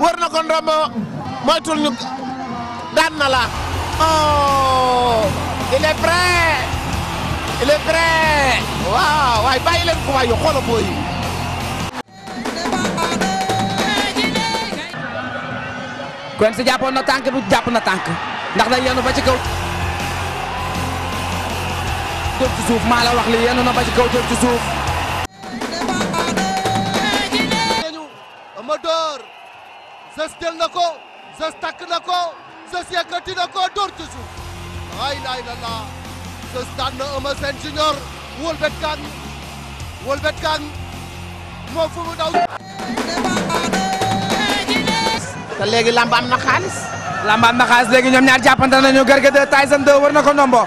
wër na ko ndombo moytul ñu daan na la oh, il est prêt il est prêt waaw waay bàyyi leen ko waay yow xoolal booy yi Quench jàppoon na tànk du jàpp na tànk ndax day yenu ba ci kaw jël ci suuf maa la wax li yenu na ba ci kaw jël suuf Zoss jël na ko Zoss takk na ko Zoss yëkkati na ko dóor ci suuf ay laay la laa Zoss daan na Eumeu Sène junior wëlbet kan wëlbet kan moo fu mu daw te léegi làmb am na xaalis làmb am na xaalis léegi ñoom ñaar jàppante nañu Garga 2 Tyson 2 war na ko nombo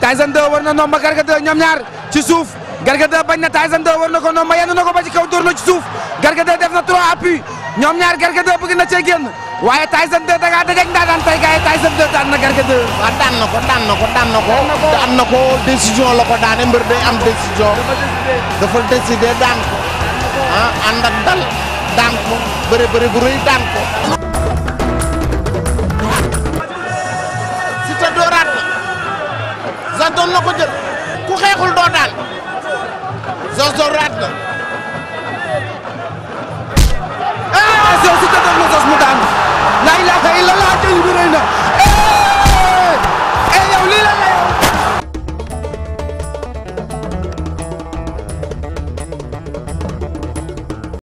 Tyson 2 war na nomba Garga 2 ñoom ñaar ci suuf Garga 2 bañ na Tyson 2 war na ko nomba yenn na ko ba ci kaw dóor na ci suuf Garga 2 def na trois appui ñoom ñaar Garga 2 bëgg na cee génn waaye Tyson 2 da ngaa dajeeg ndaanaan tey yi Tyson 2 daan na Garga 2. waaw ko daan ko daan na ko. daan na ko décision la ko daane mbër day am décision. dafa décidé daan ko. ah ànd ak dal daan ko bëri bëri bu rëy daan ko. ko jël. ku xeexul doo daan. Zos dooraat